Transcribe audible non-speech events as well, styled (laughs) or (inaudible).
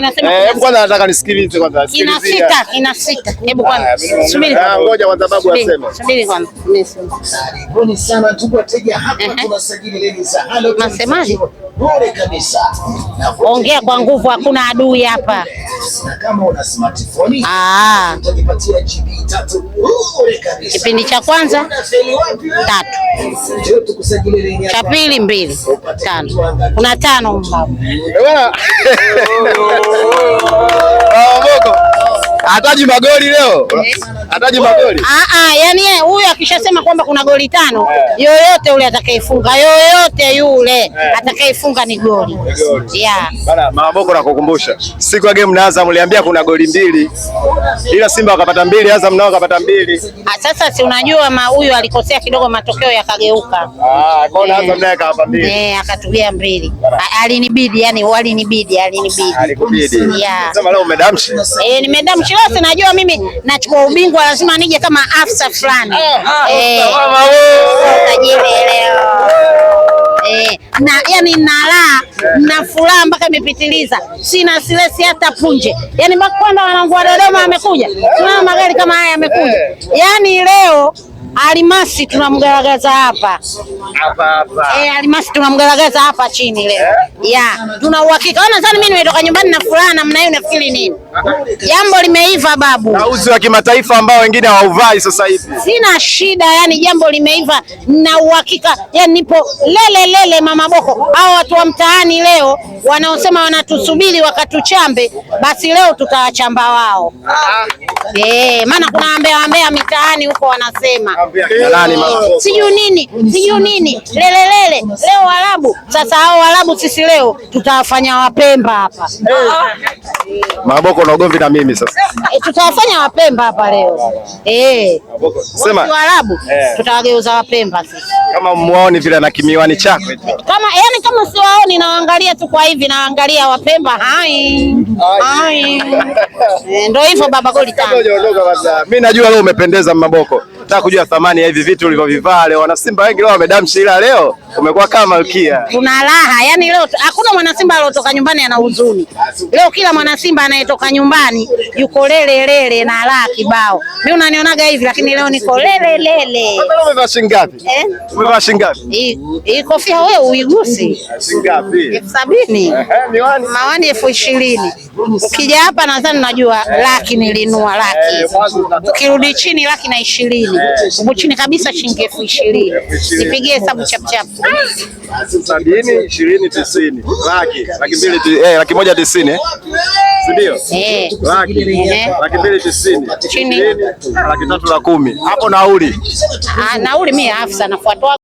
inasema eh, hebu kwanza nataka nisikilize kwanza. Inafika, inafika. Hebu kwanza subiri ah, kwanza. Ngoja kwanza babu aseme. Subiri kwanza. Karibuni sana tuko wateja hapa tunasajili leni za halo. Nasemaje? Bure kabisa. Ongea kwa nguvu, hakuna adui hapa. Na kama una smartphone, ah, utajipatia GB Kipindi cha kwanza tatu, cha pili mbili, tano. Kuna tano (laughs) hataji magoli leo. Eh? ataje magoli. Ah, ah, yani yeye huyu akishasema kwamba kuna goli tano yeah. Yoyote yule atakayefunga, yoyote yule yeah. atakayefunga ni goli yeah. Bana mama Boko nakukumbusha, siku ya game na Azam uliambia kuna goli mbili, ila Simba wakapata mbili, Azam nao wakapata mbili. Ah, sasa si unajua ma huyu alikosea kidogo, matokeo yakageuka. Ah, kaona eh. Azam naye akapata mbili eh, akatulia mbili, alinibidi yani, walinibidi, alinibidi, alikubidi. Yeah. Sasa leo umedamshi eh, nimedamshi leo, najua mimi nachukua ubingwa kubwa lazima nije kama afisa fulani ah, ah, eh, eh, eh, na yani nalaa na furaha mpaka imepitiliza, sina silesi hata punje. Yani kwanza wanangu wa Dodoma amekuja tunayo magari kama haya yamekuja. Yani leo Alimasi tunamgaragaza hapa hapa hapa. Eh, alimasi tunamgaragaza hapa chini leo eh? Ya, tuna uhakika. Nadhani mimi nimetoka nyumbani na furaha namna hiyo, nafikiri nini, jambo limeiva babu. Nauzi wa kimataifa ambao wengine hawauvai sasa hivi, sina shida, yani jambo limeiva na uhakika, yani nipo lele lele mama boko. Hao watu wa mtaani leo wanaosema wanatusubiri wakatuchambe, basi leo tutawachamba wao. Eh, maana kuna wambea wambea mitaani huko wanasema eh, sijui nini sijui nini lelelele, leo Waarabu. Sasa hao Waarabu sisi leo tutawafanya Wapemba hapa. Eh. Eh. Maboko na ugomvi na mimi sasa tutawafanya Wapemba hapa leo eh, sema Waarabu yeah. Tutawageuza Wapemba sisi. Kama muone vile na kimiwani chako kama yani, kama siwaoni nawaangalia tu kwa hivi, naangalia Wapemba hai hai, (laughs) eh, ndio hivyo baba goli tano. Mimi najua leo umependeza Maboko wanataka kujua thamani ya hivi vitu ulivyovivaa leo. Wanasimba wengi leo wamedamshi, ila leo umekuwa kama malkia. Tuna raha, yani leo hakuna mwanasimba aliyotoka nyumbani ana huzuni. Leo kila mwanasimba anayetoka nyumbani yuko lele lele na raha kibao. Mimi unanionaga hivi, lakini leo niko lele lele. Umevaa shilingi ngapi? Eh? Umevaa shilingi ngapi? Hii kofia wewe uigusi. Shilingi ngapi? Elfu Miwani. 2020 ishirini. Ukija hapa nadhani najua laki nilinua laki. Eh, Ukirudi chini laki na ishirini huko chini kabisa shilingi elfu ishirini nipigie hesabu chapchap sabini ishirini tisini laki laki mbili eh, laki moja tisini ndio eh. laki eh. laki mbili tisini chini laki tatu la kumi hapo nauli ah, nauli mia afsa nafuatwa